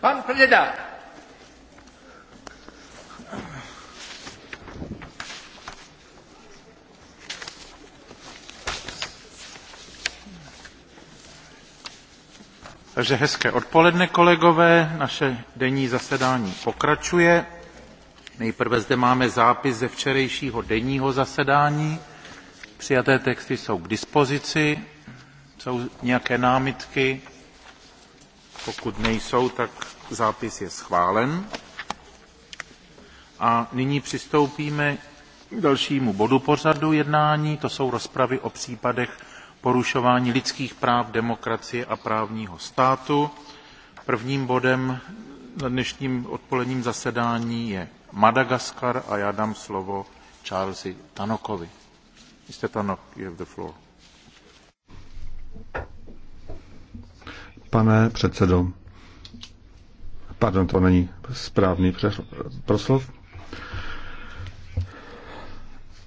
Pan předseda. Takže hezké odpoledne, kolegové. Naše denní zasedání pokračuje. Nejprve zde máme zápis ze včerejšího denního zasedání. Přijaté texty jsou k dispozici. Jsou nějaké námitky? Pokud nejsou, tak zápis je schválen. A nyní přistoupíme k dalšímu bodu pořadu jednání, to jsou rozpravy o případech porušování lidských práv, demokracie a právního státu. Prvním bodem na dnešním odpoledním zasedání je Madagaskar a já dám slovo charlesovi Tanokovi. Mr. Tanok, you have the floor. pane předsedo. Pardon, to není správný proslov.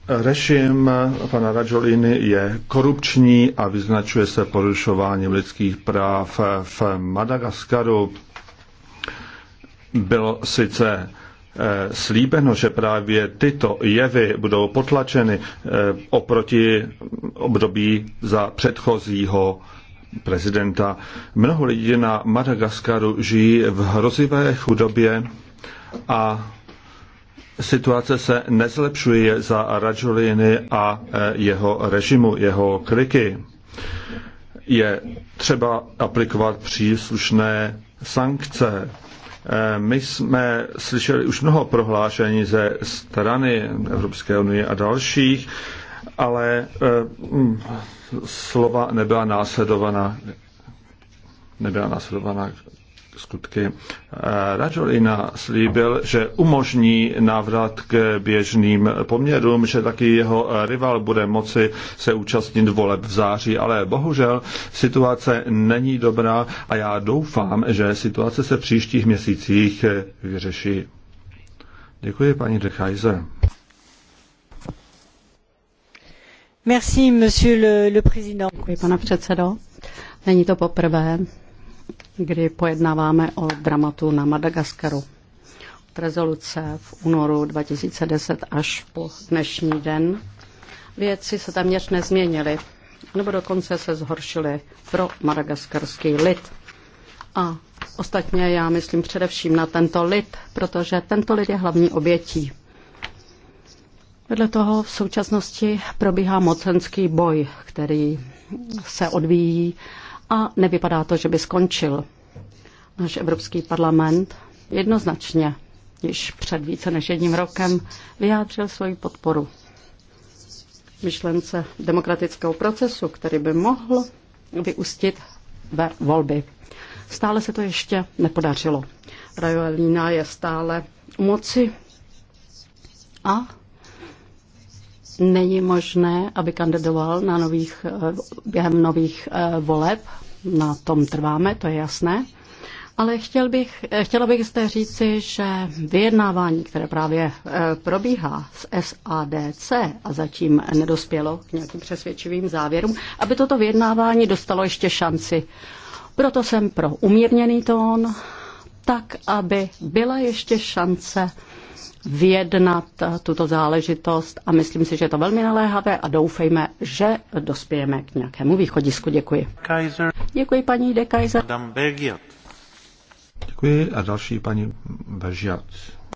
Režim pana Rajoliny je korupční a vyznačuje se porušováním lidských práv v Madagaskaru. Bylo sice eh, slíbeno, že právě tyto jevy budou potlačeny eh, oproti období za předchozího prezidenta. Mnoho lidí na Madagaskaru žijí v hrozivé chudobě a situace se nezlepšuje za Rajoliny a e, jeho režimu, jeho kliky. Je třeba aplikovat příslušné sankce. E, my jsme slyšeli už mnoho prohlášení ze strany Evropské unie a dalších ale eh, mm, slova nebyla následovaná nebyla následovaná skutky. Eh, Rajolina slíbil, že umožní návrat k běžným poměrům, že taky jeho eh, rival bude moci se účastnit voleb v září, ale bohužel situace není dobrá a já doufám, že situace se v příštích měsících vyřeší. Děkuji, paní de pane předsedající. Není to poprvé, kdy pojednáváme o dramatu na Madagaskaru. Od rezoluce v únoru 2010 až po dnešní den věci se téměř nezměnily, nebo dokonce se zhoršily pro madagaskarský lid. A ostatně já myslím především na tento lid, protože tento lid je hlavní obětí. Vedle toho v současnosti probíhá mocenský boj, který se odvíjí a nevypadá to, že by skončil. Náš Evropský parlament jednoznačně již před více než jedním rokem vyjádřil svoji podporu myšlence demokratického procesu, který by mohl vyústit ve volby. Stále se to ještě nepodařilo. Rajoelína je stále u moci a není možné, aby kandidoval na nových, eh, během nových eh, voleb. Na tom trváme, to je jasné. Ale chtěl bych, eh, chtěla bych zde říci, že vyjednávání, které právě probíhá s SADC a zatím nedospělo k nějakým přesvědčivým závěrům, aby toto vyjednávání dostalo ještě šanci. Proto jsem pro umírněný tón, tak, aby byla ještě šance vyjednat tuto záležitost a myslím si, že je to velmi naléhavé a doufejme, že dospějeme k nějakému východisku. Děkuji. Kaiser. Děkuji paní de Kaiser. Děkuji a další paní Bežiat.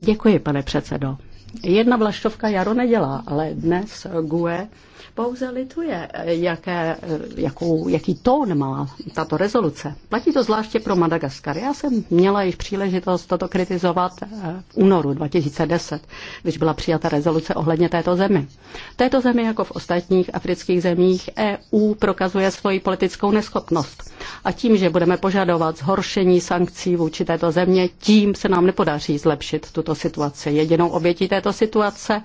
Děkuji, pane předsedo. Jedna vlaštovka jaro nedělá, ale dnes GUE pouze lituje, eh, jaké, eh, jakou, jaký tón má tato rezoluce. Platí to zvláště pro Madagaskar. Já jsem měla již příležitost toto kritizovat eh, v únoru 2010, když byla přijata rezoluce ohledně této zemi. Této zemi, jako v ostatních afrických zemích, EU prokazuje svoji politickou neschopnost. A tím, že budeme požadovat zhoršení sankcí vůči této země, tím se nám nepodaří zlepšit tuto situaci. Jedinou obětí této situace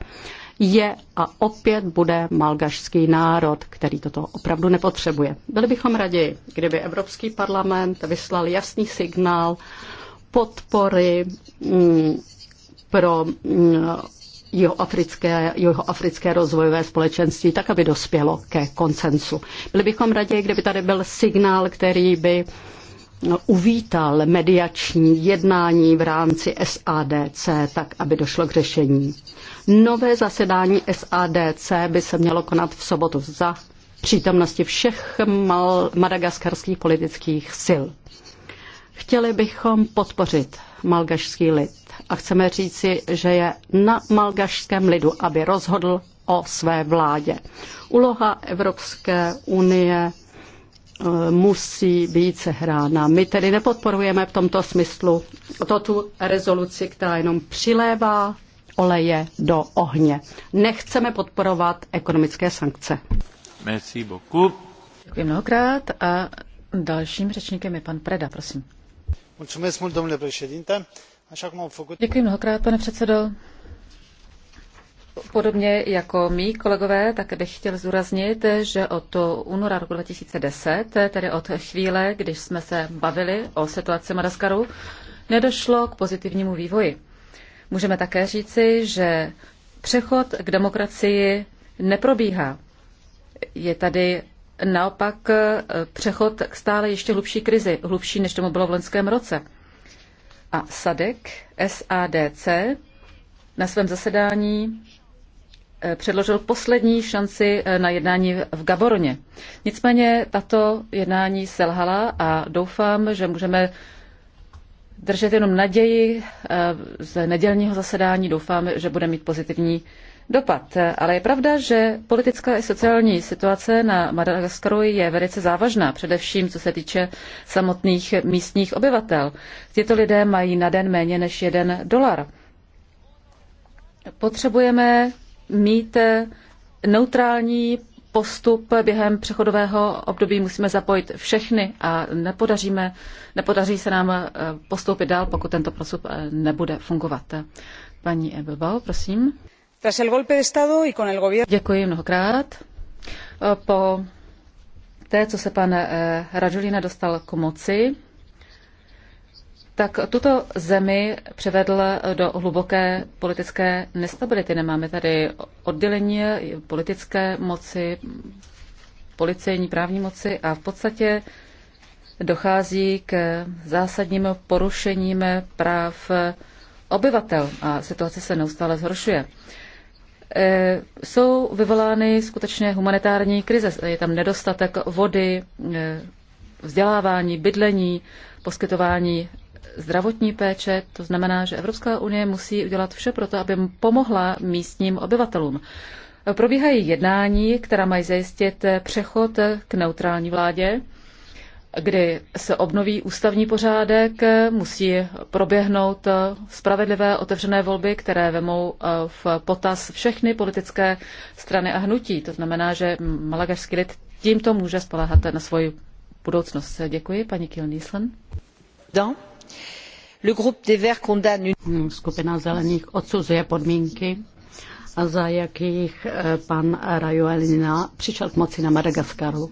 je a opět bude malgašský národ, který toto opravdu nepotřebuje. Byli bychom raději, kdyby Evropský parlament vyslal jasný signál podpory mm, pro mm, jeho africké rozvojové společenství, tak aby dospělo ke koncensu. Byli bychom raději, kdyby tady byl signál, který by uh, No, uvítal mediační jednání v rámci SADC, tak aby došlo k řešení. Nové zasedání SADC by se mělo konat v sobotu za přítomnosti všech madagaskarských politických sil. Chtěli bychom podpořit malgašský lid a chceme říci, že je na malgašském lidu, aby rozhodl o své vládě. Úloha Evropské unie musí být sehrána. My tedy nepodporujeme v tomto smyslu to tu rezoluci, která jenom přilévá oleje do ohně. Nechceme podporovat ekonomické sankce. Merci beaucoup. Děkuji mnohokrát a dalším řečníkem je pan Preda, prosím. Děkuji mnohokrát, pane předsedo. Podobně jako mý kolegové, také bych chtěl zúraznit, že od února roku 2010, tedy od chvíle, když jsme se bavili o situaci Madaskaru, nedošlo k pozitivnímu vývoji. Můžeme také říci, že přechod k demokracii neprobíhá. Je tady naopak eh, přechod k stále ještě hlubší krizi, hlubší než tomu bylo v loňském roce. A SADC, SADC na svém zasedání Eh, předložil poslední šanci eh, na jednání v Gaboroně. Nicméně tato jednání selhala a doufám, že můžeme držet jenom naději eh, z nedělního zasedání. Doufám, že bude mít pozitivní dopad. Ale je pravda, že politická i sociální situace na Madagaskaru je velice závažná, především co se týče samotných místních obyvatel. Tito lidé mají na den méně než jeden dolar. Potřebujeme mít eh, neutrální postup během přechodového období musíme zapojit všechny a nepodaříme, nepodaří se nám eh, postoupit dál, pokud tento postup eh, nebude fungovat. Paní Ebelbao, prosím. Děkuji mnohokrát. Po té, co se pan Radulina dostal k moci, tak tuto zemi převedl do hluboké politické nestability. Nemáme tady oddělení politické moci, policejní právní moci a v podstatě dochází k zásadním porušením práv obyvatel a situace se neustále zhoršuje. Eh, jsou vyvolány skutečně humanitární krize. Je tam nedostatek vody, eh, vzdělávání, bydlení, poskytování zdravotní péče. To znamená, že Evropská unie musí udělat vše pro to, aby pomohla místním obyvatelům. Probíhají jednání, která mají zajistit přechod k neutrální vládě, kdy se obnoví ústavní pořádek, musí proběhnout spravedlivé otevřené volby, které vemou eh, v potaz všechny politické strany a hnutí. To znamená, že malagařský lid tímto může spolehat na svoji budoucnost. Děkuji, paní Kilnýslen. Dám. Skupina zelených odsuzuje podmínky, za jakých eh, pan Rajoelina přišel k moci na Madagaskaru.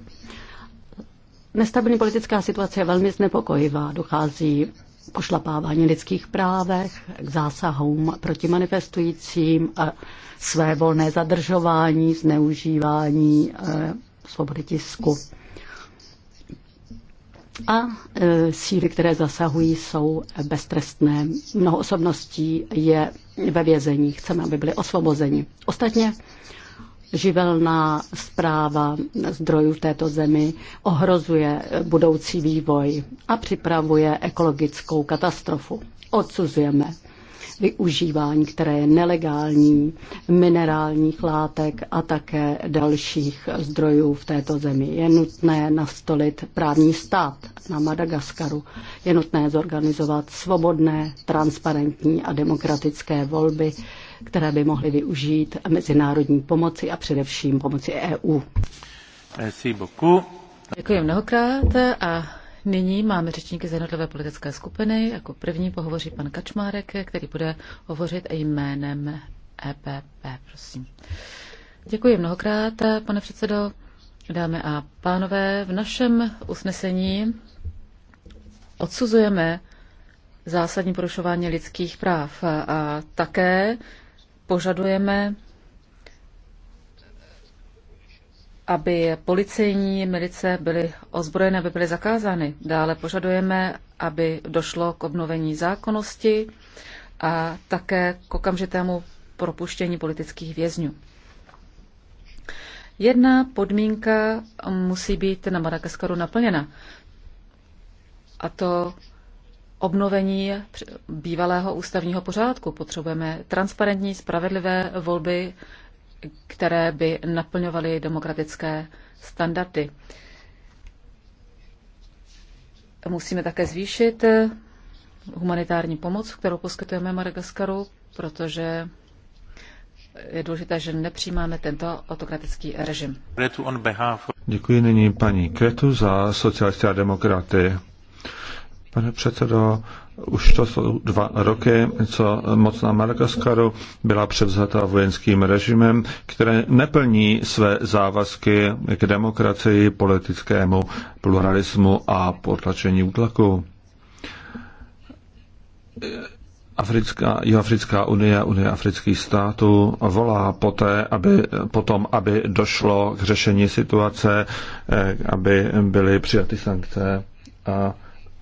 Nestabilní politická situace je velmi znepokojivá. Dochází k pošlapávání lidských právech, k zásahům proti manifestujícím, eh, své volné zadržování, zneužívání eh, svobody tisku a e, síly, které zasahují, jsou beztrestné. Mnoho osobností je ve vězení. Chceme, aby byly osvobozeni. Ostatně živelná zpráva zdrojů v této zemi ohrozuje budoucí vývoj a připravuje ekologickou katastrofu. Odsuzujeme využívání, které je nelegální, minerálních látek a také dalších zdrojů v této zemi. Je nutné nastolit právní stát na Madagaskaru. Je nutné zorganizovat svobodné, transparentní a demokratické volby, které by mohly využít mezinárodní pomoci a především pomoci EU. Děkuji mnohokrát a nyní máme řečníky z jednotlivé politické skupiny. Jako první pohovoří pan Kačmárek, který bude hovořit jménem EPP. Prosím. Děkuji mnohokrát, pane předsedo. Dámy a pánové, v našem usnesení odsuzujeme zásadní porušování lidských práv a také požadujeme aby policejní milice byly ozbrojené, aby byly zakázány. Dále požadujeme, aby došlo k obnovení zákonnosti a také k okamžitému propuštění politických vězňů. Jedna podmínka musí být na Madagaskaru naplněna, a to obnovení bývalého ústavního pořádku. Potřebujeme transparentní, spravedlivé volby, které by naplňovaly demokratické standardy. Musíme také zvýšit eh, humanitární pomoc, kterou poskytujeme Madagaskaru, protože je důležité, že nepřijímáme tento autokratický režim. Děkuji nyní paní Kretu za sociální demokraty. Pane předsedo, už to jsou dva roky, co mocná Madagaskaru byla převzata vojenským režimem, které neplní své závazky k demokracii, politickému pluralismu a potlačení útlaku. Africká, Jihoafrická unie, unie afrických států volá poté, aby, potom, aby došlo k řešení situace, eh, aby byly přijaty sankce a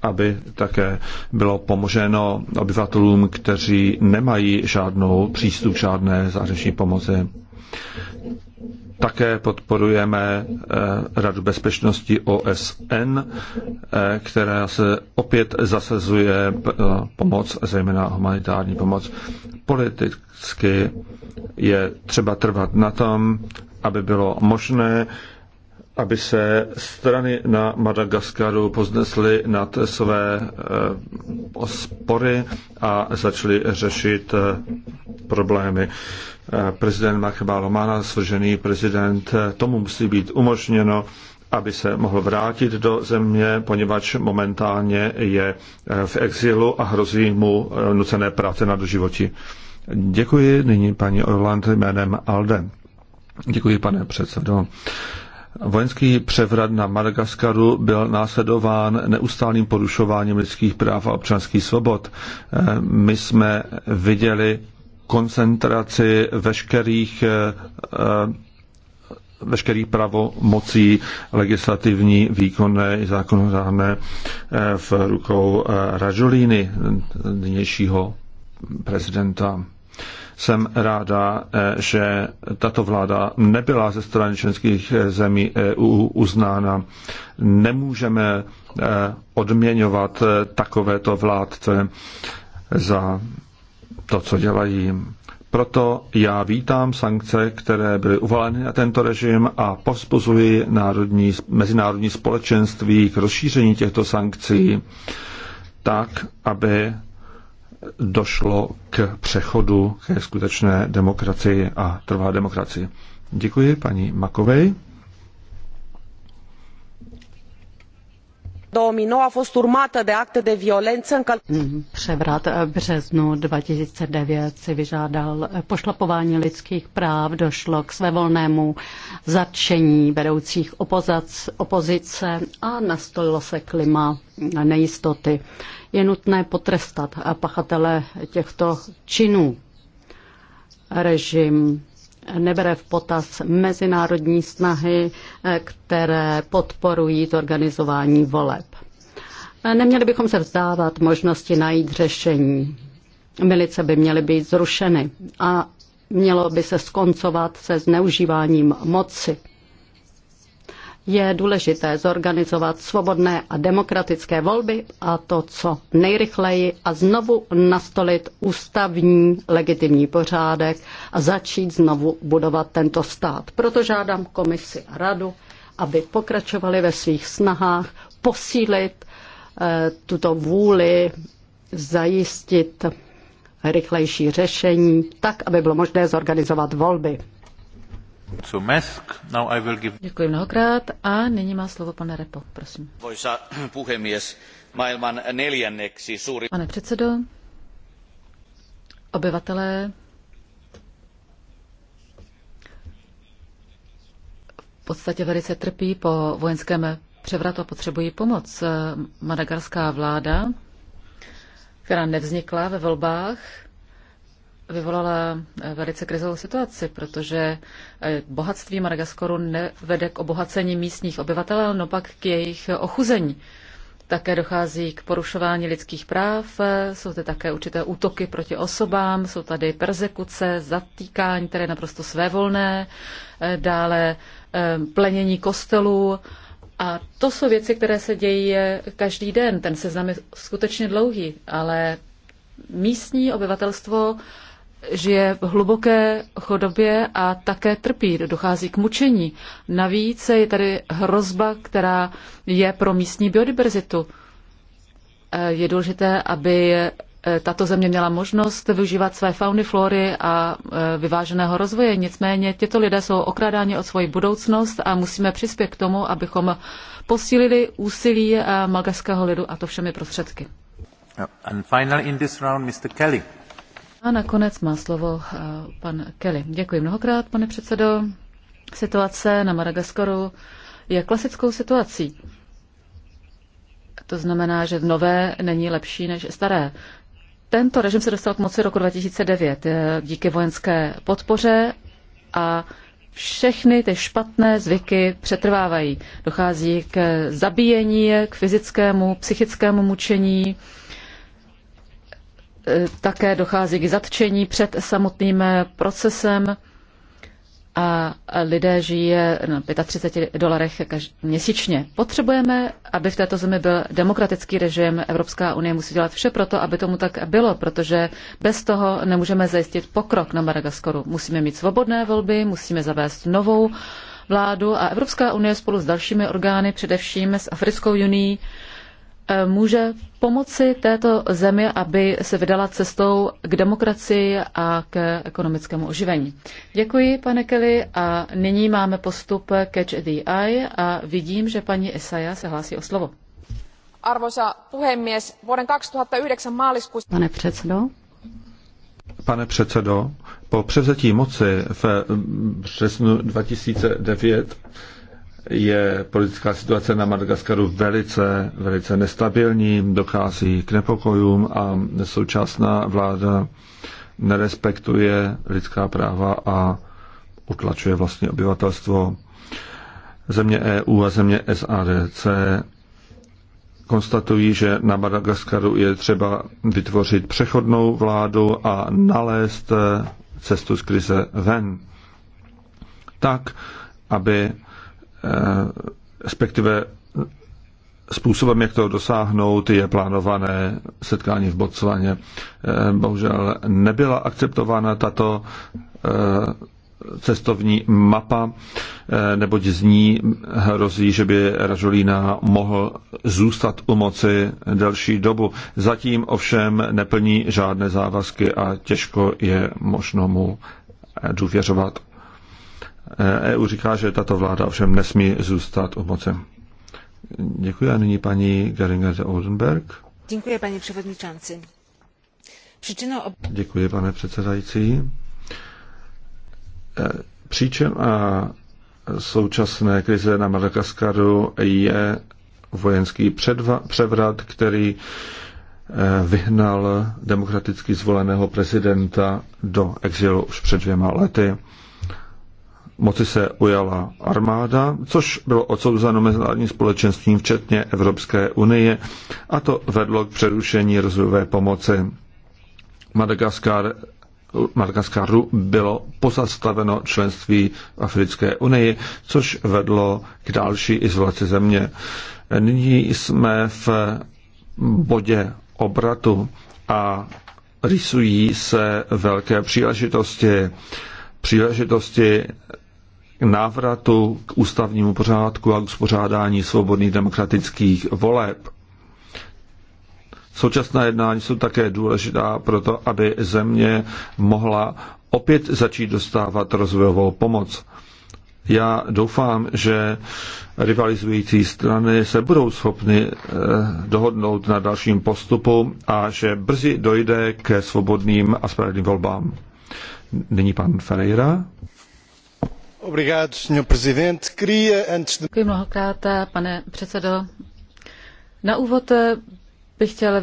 aby také bylo pomoženo obyvatelům, kteří nemají žádnou přístup, žádné zářeční pomoci. Také podporujeme eh, Radu bezpečnosti OSN, eh, která se opět zasazuje eh, pomoc, zejména humanitární pomoc. Politicky je třeba trvat na tom, aby bylo možné aby se strany na Madagaskaru poznesly nad své eh, spory a začaly řešit eh, problémy. Eh, prezident Machba Lomana, svržený prezident, tomu musí být umožněno, aby se mohl vrátit do země, poněvadž momentálně je v exilu a hrozí mu nucené práce na doživotí. Děkuji nyní paní Orland jménem Alde. Děkuji, pane předsedo. Vojenský převrat na Madagaskaru byl následován neustálým porušováním lidských práv a občanských svobod. Eh, my jsme viděli koncentraci veškerých eh, eh, veškerých pravomocí legislativní, výkonné i zákonodárné v rukou Rajolíny, dnešního prezidenta. Jsem ráda, eh, že tato vláda nebyla ze strany členských eh, zemí EU uznána. Nemůžeme eh, odměňovat takovéto vládce za to, co dělají. Proto já vítám sankce, které byly uvaleny na tento režim a pospozuji národní, mezinárodní společenství k rozšíření těchto sankcí tak, aby došlo k přechodu ke skutečné demokracii a trvá demokracii. Děkuji paní Makovej. două mii nouă a fost urmată de acte de violență încălcări. Mm, převrat v eh, březnu 2009 si vyžádal eh, pošlapování lidských práv, došlo k svévolnému zatčení vedoucích opozac, opozice a nastolilo se klima nejistoty. Je nutné potrestat eh, pachatele těchto činů. Režim nebere v potaz mezinárodní snahy, eh, které podporují zorganizování voleb. Eh, neměli bychom se vzdávat možnosti najít řešení. Milice by měly být zrušeny a mělo by se skoncovat se zneužíváním moci je důležité zorganizovat svobodné a demokratické volby a to co nejrychleji a znovu nastolit ústavní legitimní pořádek a začít znovu budovat tento stát. Proto žádám komisi a radu, aby pokračovali ve svých snahách posílit eh, tuto vůli, zajistit rychlejší řešení, tak, aby bylo možné zorganizovat volby. Děkuji mnohokrát a nyní má slovo pane Repo, prosím. Pane předsedo, obyvatelé v podstatě velice trpí po vojenském převratu a potřebují pomoc. Madagarská vláda, která nevznikla ve volbách, vyvolala eh, velice krizovou situaci, protože eh, bohatství Madagaskaru nevede k obohacení místních obyvatel, no pak k jejich ochuzení. Také dochází k porušování lidských práv, eh, jsou zde také určité útoky proti osobám, jsou tady persekuce, zatýkání, které je naprosto svévolné, dále plenění kostelů. A to jsou věci, které se dějí každý den. Ten seznam je skutečně dlouhý, ale místní obyvatelstvo žije v hluboké chodobě a také trpí, dochází k mučení. Navíc je tady hrozba, která je pro místní biodiverzitu. Eh, je důležité, aby eh, tato země měla možnost využívat své fauny, flory a eh, vyváženého rozvoje. Nicméně těto lidé jsou okrádáni od svoji budoucnost a musíme přispět k tomu, abychom posílili úsilí malgaského lidu a to všemi prostředky. And finally in this round, Mr. Kelly. A nakonec má slovo eh, pan Kelly. Děkuji mnohokrát, pane předsedo. Situace na Madagaskaru je klasickou situací. To znamená, že nové není lepší než staré. Tento režim se dostal k moci roku 2009 eh, díky vojenské podpoře a všechny ty špatné zvyky přetrvávají. Dochází k zabíjení, k fyzickému, psychickému mučení, také dochází k zatčení před samotným procesem a lidé žije na 35 dolarech měsíčně. Potřebujeme, aby v této zemi byl demokratický režim. Evropská unie musí dělat vše proto, aby tomu tak bylo, protože bez toho nemůžeme zajistit pokrok na Madagaskoru. Musíme mít svobodné volby, musíme zavést novou vládu a Evropská unie spolu s dalšími orgány, především s Africkou unii, může pomoci této zemi, aby se vydala cestou k demokracii a k ekonomickému oživení. Děkuji, pane Kelly, a nyní máme postup Catch the Eye a vidím, že paní Esaja se hlásí o slovo. Arvoisa puhemies, vuoden 2009 maaliskuussa... Pane předsedo. Pane předsedo, po převzetí moci v březnu 2009 je politická situace na Madagaskaru velice, velice nestabilní, dochází k nepokojům a současná vláda nerespektuje lidská práva a utlačuje vlastně obyvatelstvo. Země EU a země SADC konstatují, že na Madagaskaru je třeba vytvořit přechodnou vládu a nalézt cestu z krize ven. Tak, aby Eh, respektive způsobem, jak to dosáhnout, je plánované setkání v Botswaně. Eh, bohužel nebyla akceptována tato eh, cestovní mapa, neboť z ní hrozí, že by Ražolína mohl zůstat u moci delší dobu. Zatím ovšem neplní žádné závazky a těžko je možno mu důvěřovat. EU eh, e říká, že tato vláda ovšem nesmí zůstat u moci. Děkuji a nyní paní Geringer ze Oldenberg. Děkuji, paní předsedající. Příčinou... Ob... Děkuji, pane předsedající. Eh, Příčem a současné krize na Madagaskaru je vojenský předva, převrat, který eh, vyhnal demokraticky zvoleného prezidenta do exilu už před dvěma lety moci se ujala armáda, což bylo odsouzeno mezinárodním společenstvím, včetně Evropské unie, a to vedlo k přerušení rozvojové pomoci. Madagaskar Madagaskaru bylo pozastaveno členství v Africké unii, což vedlo k další izolaci země. Nyní jsme v bodě obratu a rysují se velké příležitosti. Příležitosti návratu k ústavnímu pořádku a k uspořádání svobodných demokratických voleb. Současná jednání jsou také důležitá proto, aby země mohla opět začít dostávat rozvojovou pomoc. Já doufám, že rivalizující strany se budou schopny eh, dohodnout na dalším postupu a že brzy dojde ke svobodným a spravedlivým volbám. Nyní pan Ferreira. Děkuji mnohokrát, pane předsedo. Na úvod eh, bych chtěl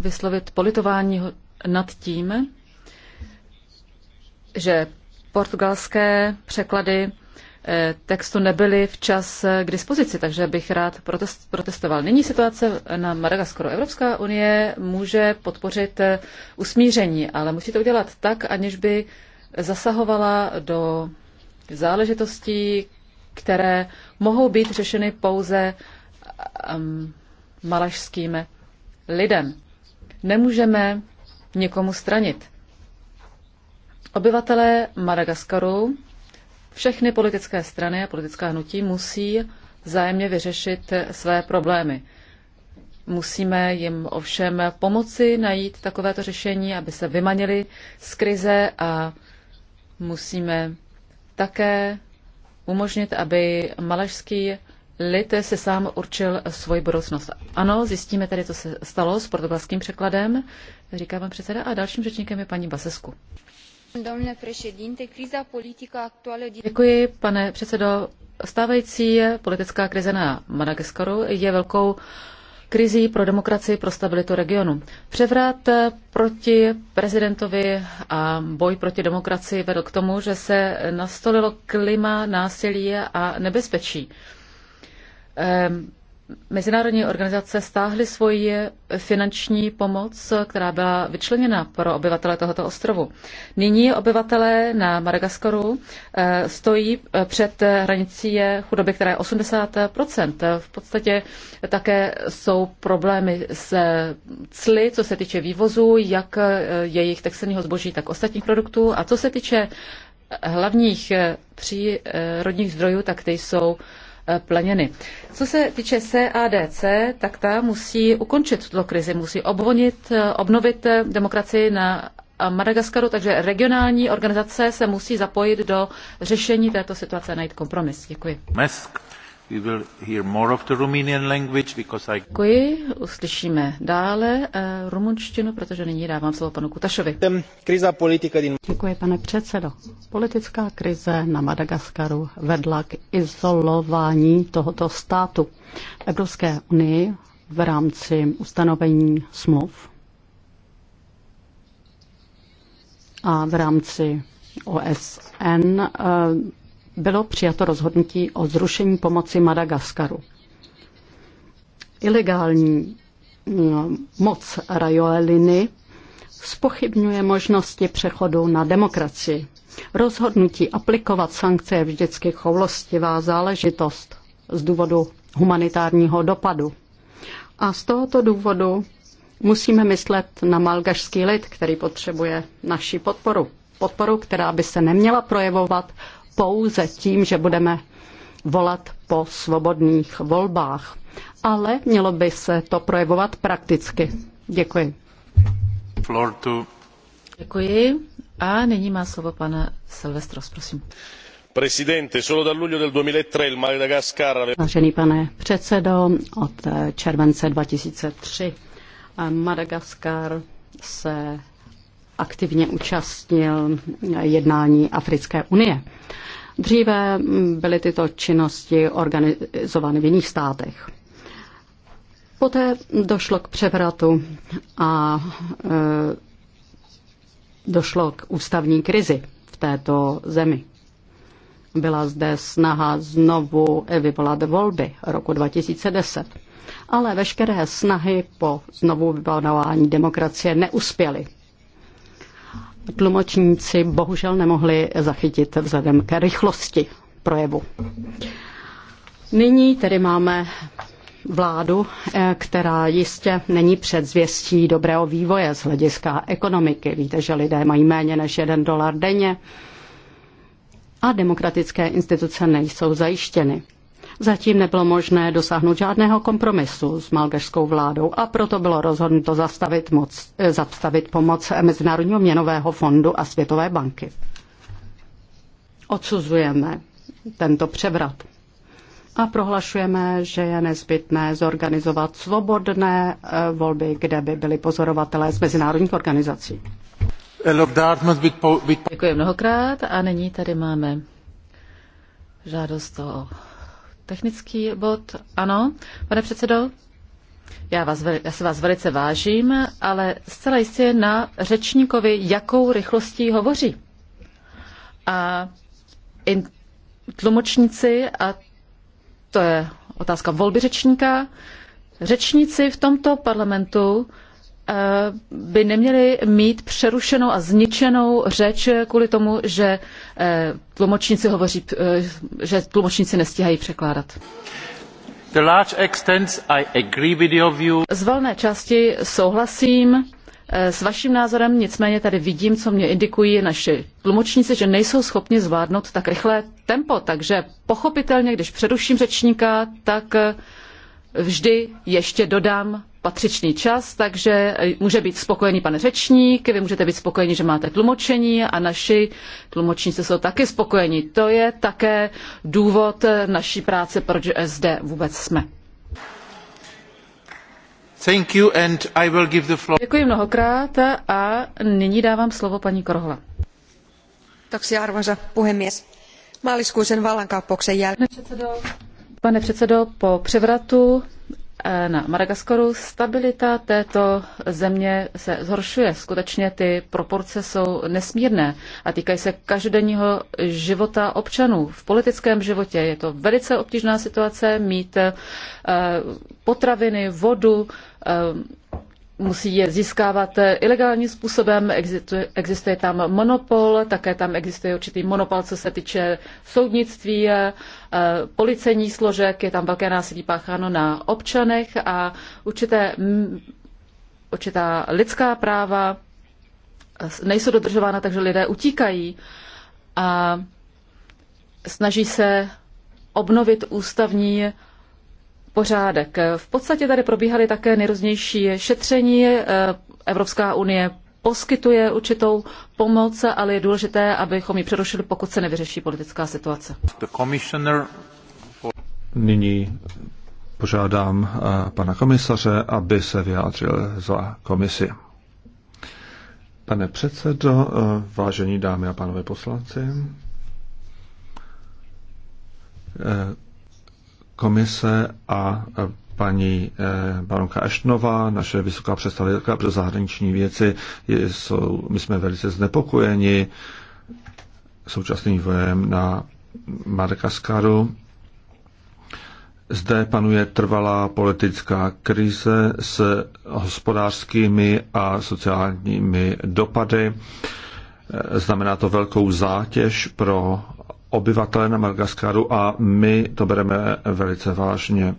vyslovit politování nad tím, že portugalské překlady eh, textu nebyly včas eh, k dispozici, takže bych rád protestoval. Nyní situace na Madagaskaru. Evropská unie může podpořit usmíření, ale musí to udělat tak, aniž by zasahovala do záležitostí, které mohou být řešeny pouze um, malašským lidem. Nemůžeme nikomu stranit. Obyvatelé Madagaskaru, všechny politické strany a politická hnutí musí zájemně vyřešit své problémy. Musíme jim ovšem pomoci najít takovéto řešení, aby se vymanili z krize a musíme také umožnit, aby malešský lid se sám určil svoji budoucnost. Ano, zjistíme tady co se stalo s portugalským překladem, říká pan předseda, a dalším řečníkem je paní Basesku. Děkuji, pane předsedo. Stávající politická krize na Madagaskaru je velkou krizí pro demokracii, pro stabilitu regionu. Převrat proti prezidentovi a boj proti demokracii vedl k tomu, že se nastolilo klima násilí a nebezpečí. Ehm mezinárodní organizace stáhly svoji finanční pomoc, která byla vyčleněna pro obyvatele tohoto ostrovu. Nyní obyvatelé na Madagaskaru eh, stojí eh, před hranicí chudoby, která je 80%. V podstatě také jsou problémy s cly, co se týče vývozu, jak eh, jejich textilního zboží, tak ostatních produktů. A co se týče hlavních přírodních zdrojů, tak ty jsou Eh, pleněny. Co se týče CADC, tak ta musí ukončit tuto krizi, musí obvonit, eh, obnovit eh, demokracii na Madagaskaru, takže regionální organizace se musí zapojit do řešení této situace a najít kompromis. Děkuji. Mesk. Děkuji, uslyšíme dále uh, rumunštinu, protože nyní dávám slovo panu Kutašovi. Kriza Děkuji, pane předsedo. Politická krize na Madagaskaru vedla k izolování tohoto státu Evropské unii v rámci ustanovení smluv a v rámci OSN eh, bylo přijato rozhodnutí o zrušení pomoci Madagaskaru. Ilegální no, moc Rajoeliny spochybňuje možnosti přechodu na demokracii. Rozhodnutí aplikovat sankce je vždycky choulostivá záležitost z důvodu humanitárního dopadu. A z tohoto důvodu musíme myslet na malgašský lid, který potřebuje naši podporu. Podporu, která by se neměla projevovat pouze tím, že budeme volat po svobodných volbách, ale mělo by se to projevovat prakticky. Děkuji. Floor to... Děkuji. A nyní má slovo pan Silvestros, prosím. Presidente, solo dal luglio del 2003 il Madagascar... Vážený pane předsedo, od července 2003 Madagaskar se aktivně účastnil jednání Africké unie. Dříve byly tyto činnosti organizovány v jiných státech. Poté došlo k převratu a e, došlo k ústavní krizi v této zemi. Byla zde snaha znovu vyvolat volby roku 2010, ale veškeré snahy po znovu vybanování demokracie neuspěly tlumočníci bohužel nemohli zachytit vzhledem ke rychlosti projevu. Nyní tedy máme vládu, eh, která jistě není předzvěstí dobrého vývoje z hlediska ekonomiky. Víte, že lidé mají méně než jeden dolar denně a demokratické instituce nejsou zajištěny. Zatím nebylo možné dosáhnout žádného kompromisu s malgašskou vládou a proto bylo rozhodnuto zastavit, moc, eh, zastavit pomoc Mezinárodního měnového fondu a Světové banky. Odsuzujeme tento převrat a prohlašujeme, že je nezbytné zorganizovat svobodné eh, volby, kde by byli pozorovatelé z mezinárodních organizací. Eh, Děkuji mnohokrát a nyní tady máme žádost o technický bod. Ano, pane předsedo, já, vás, já se vás velice vážím, ale zcela jistě na řečníkovi, jakou rychlostí hovoří. A in, tlumočníci, a to je otázka volby řečníka, řečníci v tomto parlamentu by neměli mít přerušenou a zničenou řeč kvůli tomu, že eh, tlumočníci hovoří, eh, že tlumočníci nestíhají překládat. Z valné části souhlasím eh, s vaším názorem, nicméně tady vidím, co mě indikují naši tlumočníci, že nejsou schopni zvládnout tak rychlé tempo, takže pochopitelně, když přeruším řečníka, tak vždy ještě dodám patřičný čas, takže eh, může být spokojený pan řečník, vy můžete být spokojeni, že máte tlumočení a naši tlumočníci jsou taky spokojeni. To je také důvod eh, naší práce, proč zde vůbec jsme. Thank you and I will give the floor. Děkuji mnohokrát a nyní dávám slovo paní Korhola. Kiitoksia arvoisa puhemies. Maaliskuisen vallankaappauksen jälkeen. Pane předsedo, po převratu eh, na Madagaskaru stabilita této země se zhoršuje. Skutečně ty proporce jsou nesmírné a týkají se každodenního života občanů. V politickém životě je to velice obtížná situace mít eh, potraviny, vodu, eh, musí je získávat ilegálním způsobem, existuje, tam monopol, také tam existuje určitý monopol, co se týče soudnictví, eh, policejní složek, je tam velké násilí pácháno na občanech a určité, určitá lidská práva nejsou dodržována, takže lidé utíkají a snaží se obnovit ústavní pořádek. V podstatě tady probíhaly také nejrůznější šetření. Eh, Evropská unie poskytuje určitou pomoc, ale je důležité, abychom ji přerušili, pokud se nevyřeší politická situace. Nyní požádám eh, pana komisaře, aby se vyjádřil za komisi. Pane předsedo, eh, vážení dámy a pánové poslanci, komise a e, paní e, baronka Eštnová, naše vysoká představitelka pro zahraniční věci, jsou, my jsme velice znepokojeni současným vojem na Madagaskaru. Zde panuje trvalá politická krize s hospodářskými a sociálními dopady. E, znamená to velkou zátěž pro obyvatele na Madagaskaru a my to bereme velice vážně.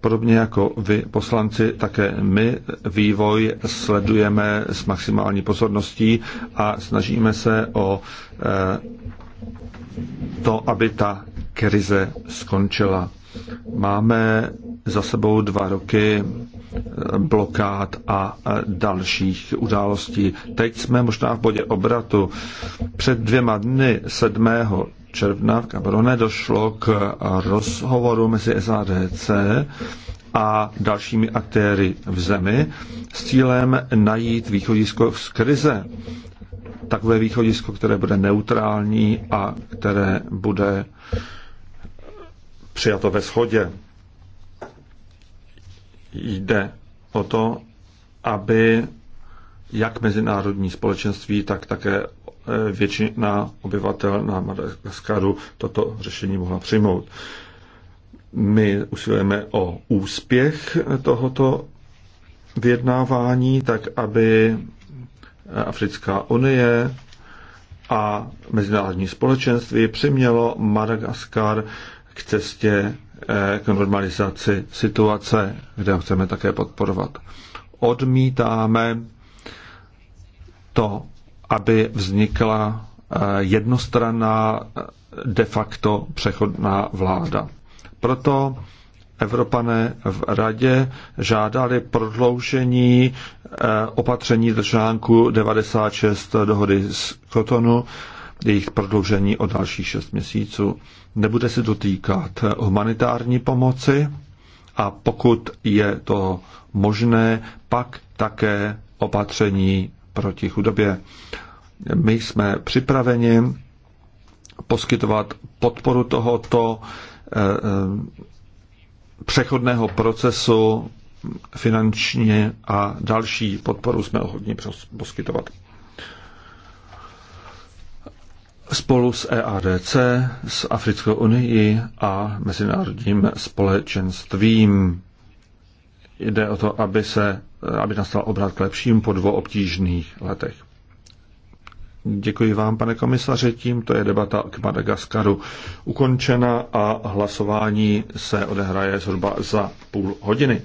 Podobně jako vy poslanci, také my vývoj sledujeme s maximální pozorností a snažíme se o eh, to, aby ta krize skončila. Máme za sebou dva roky eh, blokád a eh, dalších událostí. Teď jsme možná v bodě obratu. Před dvěma dny 7. června v Cabrone došlo k eh, rozhovoru mezi SADC a dalšími aktéry v zemi s cílem najít východisko z krize. Takové východisko, které bude neutrální a které bude uh, přijato ve shodě. Jde o to, aby jak mezinárodní společenství, tak také eh, většina obyvatel na Madagaskaru toto řešení mohla přijmout. My usilujeme o úspěch tohoto vyjednávání, tak aby Africká unie a mezinárodní společenství přimělo Madagaskar k cestě eh, k normalizaci situace, kde chceme také podporovat. Odmítáme to, aby vznikla eh, jednostranná eh, de facto přechodná vláda. Proto Evropané v radě žádali prodloužení opatření držánku 96 dohody z Kotonu jejich prodloužení o dalších 6 měsíců. Nebude se dotýkat humanitární pomoci a pokud je to možné, pak také opatření proti chudobě. My jsme připraveni poskytovat podporu tohoto eh, přechodného procesu finančně a další podporu jsme ochotni poskytovat spolu s EADC, s Africkou unii a mezinárodním společenstvím. Jde o to, aby, se, aby nastal obrat k lepším po dvou obtížných letech. Děkuji vám, pane komisaře, tímto je debata k Madagaskaru ukončena a hlasování se odehraje zhruba za půl hodiny.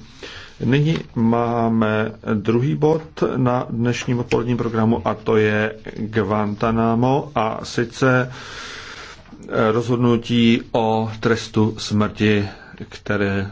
Nyní máme druhý bod na dnešním odpoledním programu a to je Guantanamo a sice eh, rozhodnutí o trestu smrti, které